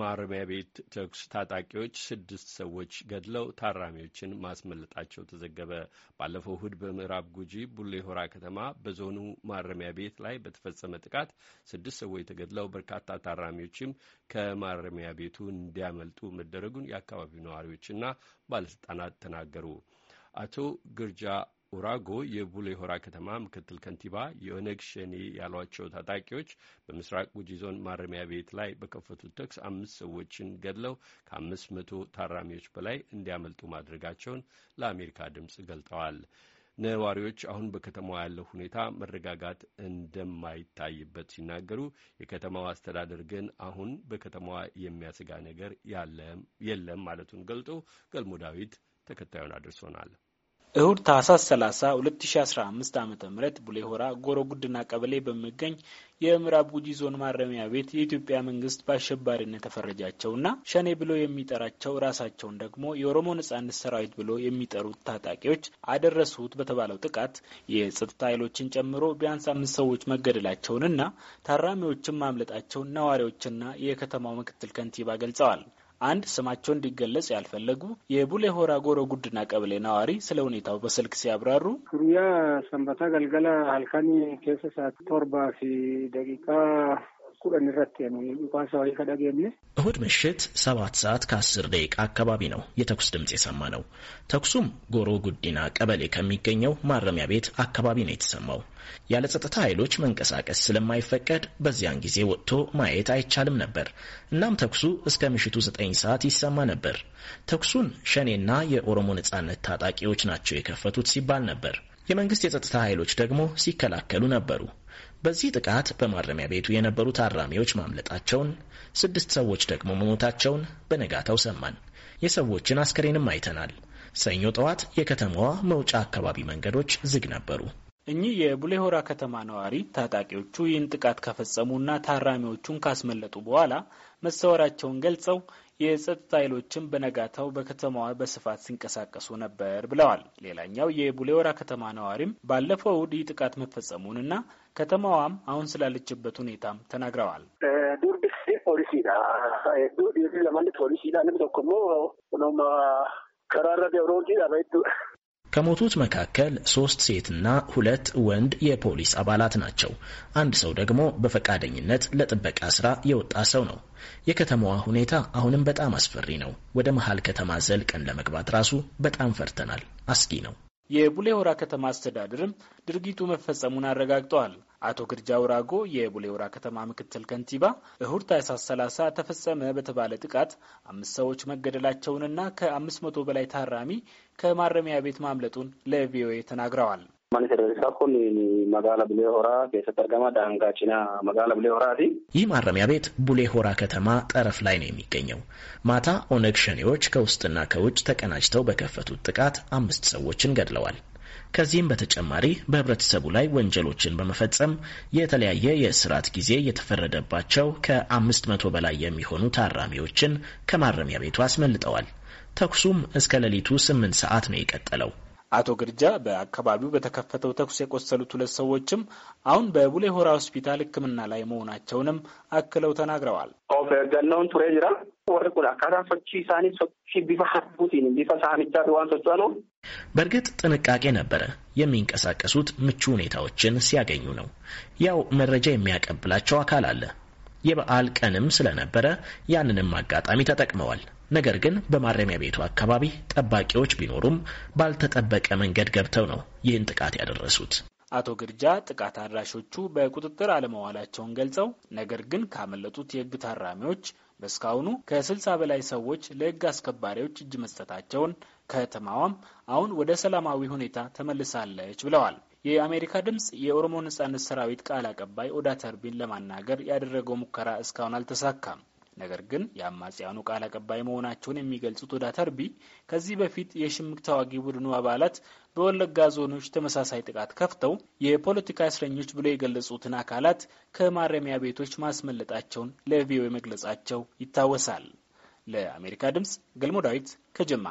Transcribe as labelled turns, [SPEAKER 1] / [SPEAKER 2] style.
[SPEAKER 1] ማረሚያ ቤት ተኩስ ታጣቂዎች ስድስት ሰዎች ገድለው ታራሚዎችን ማስመለጣቸው ተዘገበ። ባለፈው እሁድ በምዕራብ ጉጂ ቡሌ ሆራ ከተማ በዞኑ ማረሚያ ቤት ላይ በተፈጸመ ጥቃት ስድስት ሰዎች ተገድለው በርካታ ታራሚዎችም ከማረሚያ ቤቱ እንዲያመልጡ መደረጉን የአካባቢው ነዋሪዎችና ባለስልጣናት ተናገሩ። አቶ ግርጃ ኡራጎ የቡሌ ሆራ ከተማ ምክትል ከንቲባ የኦነግ ሸኔ ያሏቸው ታጣቂዎች በምስራቅ ጉጂ ዞን ማረሚያ ቤት ላይ በከፈቱት ተኩስ አምስት ሰዎችን ገድለው ከአምስት መቶ ታራሚዎች በላይ እንዲያመልጡ ማድረጋቸውን ለአሜሪካ ድምፅ ገልጠዋል። ነዋሪዎች አሁን በከተማዋ ያለው ሁኔታ መረጋጋት እንደማይታይበት ሲናገሩ የከተማዋ አስተዳደር ግን አሁን በከተማዋ የሚያሰጋ ነገር የለም ማለቱን ገልጦ ገልሞ ዳዊት ተከታዩን አድርሶናል።
[SPEAKER 2] እሁድ ታህሳስ 30 2015 ዓ ም ቡሌ ሆራ ጎሮ ጉድና ቀበሌ በሚገኝ የምዕራብ ጉጂ ዞን ማረሚያ ቤት የኢትዮጵያ መንግስት በአሸባሪነት ተፈረጃቸውና ሸኔ ብሎ የሚጠራቸው ራሳቸውን ደግሞ የኦሮሞ ነጻነት ሰራዊት ብሎ የሚጠሩት ታጣቂዎች አደረሱት በተባለው ጥቃት የጸጥታ ኃይሎችን ጨምሮ ቢያንስ አምስት ሰዎች መገደላቸውንና ታራሚዎችን ማምለጣቸውን ነዋሪዎችና የከተማው ምክትል ከንቲባ ገልጸዋል። አንድ ስማቸው እንዲገለጽ ያልፈለጉ የቡሌ ሆራ ጎሮ ጉድና ቀበሌ ነዋሪ ስለ ሁኔታው በስልክ
[SPEAKER 1] ሲያብራሩ ሩያ ሰንበታ ገልገላ አልካኒ ኬሰ ቶርባ ደቂቃ ኩለን ረቴ ነው እንኳን ሰው
[SPEAKER 3] እሁድ ምሽት ሰባት ሰዓት ከአስር ደቂቃ አካባቢ ነው የተኩስ ድምፅ የሰማ ነው። ተኩሱም ጎሮ ጉዲና ቀበሌ ከሚገኘው ማረሚያ ቤት አካባቢ ነው የተሰማው። ያለ ጸጥታ ኃይሎች መንቀሳቀስ ስለማይፈቀድ በዚያን ጊዜ ወጥቶ ማየት አይቻልም ነበር። እናም ተኩሱ እስከ ምሽቱ ዘጠኝ ሰዓት ይሰማ ነበር። ተኩሱን ሸኔና የኦሮሞ ነጻነት ታጣቂዎች ናቸው የከፈቱት ሲባል ነበር። የመንግስት የጸጥታ ኃይሎች ደግሞ ሲከላከሉ ነበሩ። በዚህ ጥቃት በማረሚያ ቤቱ የነበሩ ታራሚዎች ማምለጣቸውን፣ ስድስት ሰዎች ደግሞ መሞታቸውን በነጋታው ሰማን። የሰዎችን አስከሬንም አይተናል። ሰኞ ጠዋት የከተማዋ መውጫ አካባቢ መንገዶች ዝግ ነበሩ።
[SPEAKER 2] እኚህ የቡሌሆራ ከተማ ነዋሪ ታጣቂዎቹ ይህን ጥቃት ከፈጸሙና ታራሚዎቹን ካስመለጡ በኋላ መሰወራቸውን ገልጸው የጸጥታ ኃይሎችም በነጋታው በከተማዋ በስፋት ሲንቀሳቀሱ ነበር ብለዋል። ሌላኛው የቡሌወራ ከተማ ነዋሪም ባለፈው እሁድ ጥቃት መፈጸሙንና ከተማዋም አሁን ስላለችበት ሁኔታም ተናግረዋል።
[SPEAKER 3] ከሞቱት መካከል ሶስት ሴትና ሁለት ወንድ የፖሊስ አባላት ናቸው። አንድ ሰው ደግሞ በፈቃደኝነት ለጥበቃ ስራ የወጣ ሰው ነው። የከተማዋ ሁኔታ አሁንም በጣም አስፈሪ ነው። ወደ መሀል ከተማ ዘልቀን ለመግባት ራሱ በጣም ፈርተናል። አስጊ ነው።
[SPEAKER 2] የቡሌ ሆራ ከተማ አስተዳደርም ድርጊቱ መፈጸሙን አረጋግጠዋል። አቶ ግርጃ ውራጎ የቡሌ ሆራ ከተማ ምክትል ከንቲባ እሁድ ታህሳስ 30 ተፈጸመ በተባለ ጥቃት አምስት ሰዎች መገደላቸውንና ከአምስት መቶ በላይ ታራሚ ከማረሚያ ቤት ማምለጡን ለቪኦኤ ተናግረዋል።
[SPEAKER 3] ይህ ማረሚያ ቤት ቡሌ ሆራ ከተማ ጠረፍ ላይ ነው የሚገኘው። ማታ ኦነግ ሸኔዎች ከውስጥና ከውጭ ተቀናጅተው በከፈቱት ጥቃት አምስት ሰዎችን ገድለዋል። ከዚህም በተጨማሪ በህብረተሰቡ ላይ ወንጀሎችን በመፈጸም የተለያየ የእስራት ጊዜ የተፈረደባቸው ከአምስት መቶ በላይ የሚሆኑ ታራሚዎችን ከማረሚያ ቤቱ አስመልጠዋል። ተኩሱም እስከ ሌሊቱ ስምንት ሰዓት ነው የቀጠለው።
[SPEAKER 2] አቶ ግርጃ በአካባቢው በተከፈተው ተኩስ የቆሰሉት ሁለት ሰዎችም አሁን በቡሌ ሆራ ሆስፒታል ሕክምና ላይ መሆናቸውንም አክለው ተናግረዋል።
[SPEAKER 1] ገናውን ቱሬ ጅራ
[SPEAKER 3] በእርግጥ ጥንቃቄ ነበረ። የሚንቀሳቀሱት ምቹ ሁኔታዎችን ሲያገኙ ነው። ያው መረጃ የሚያቀብላቸው አካል አለ። የበዓል ቀንም ስለነበረ ያንንም አጋጣሚ ተጠቅመዋል። ነገር ግን በማረሚያ ቤቱ አካባቢ ጠባቂዎች ቢኖሩም ባልተጠበቀ መንገድ ገብተው ነው ይህን ጥቃት ያደረሱት።
[SPEAKER 2] አቶ ግርጃ ጥቃት አድራሾቹ በቁጥጥር አለመዋላቸውን ገልጸው ነገር ግን ካመለጡት የህግ ታራሚዎች በእስካሁኑ ከስልሳ በላይ ሰዎች ለህግ አስከባሪዎች እጅ መስጠታቸውን ከተማዋም አሁን ወደ ሰላማዊ ሁኔታ ተመልሳለች ብለዋል። የአሜሪካ ድምፅ የኦሮሞ ነጻነት ሰራዊት ቃል አቀባይ ኦዳ ተርቢን ለማናገር ያደረገው ሙከራ እስካሁን አልተሳካም። ነገር ግን የአማጽያኑ ቃል አቀባይ መሆናቸውን የሚገልጹት ወዳ ተርቢ ከዚህ በፊት የሽምቅ ተዋጊ ቡድኑ አባላት በወለጋ ዞኖች ተመሳሳይ ጥቃት ከፍተው የፖለቲካ እስረኞች ብሎ የገለጹትን አካላት ከማረሚያ ቤቶች ማስመለጣቸውን ለቪኦኤ መግለጻቸው ይታወሳል። ለአሜሪካ ድምጽ ገልሞ ዳዊት ከጅማ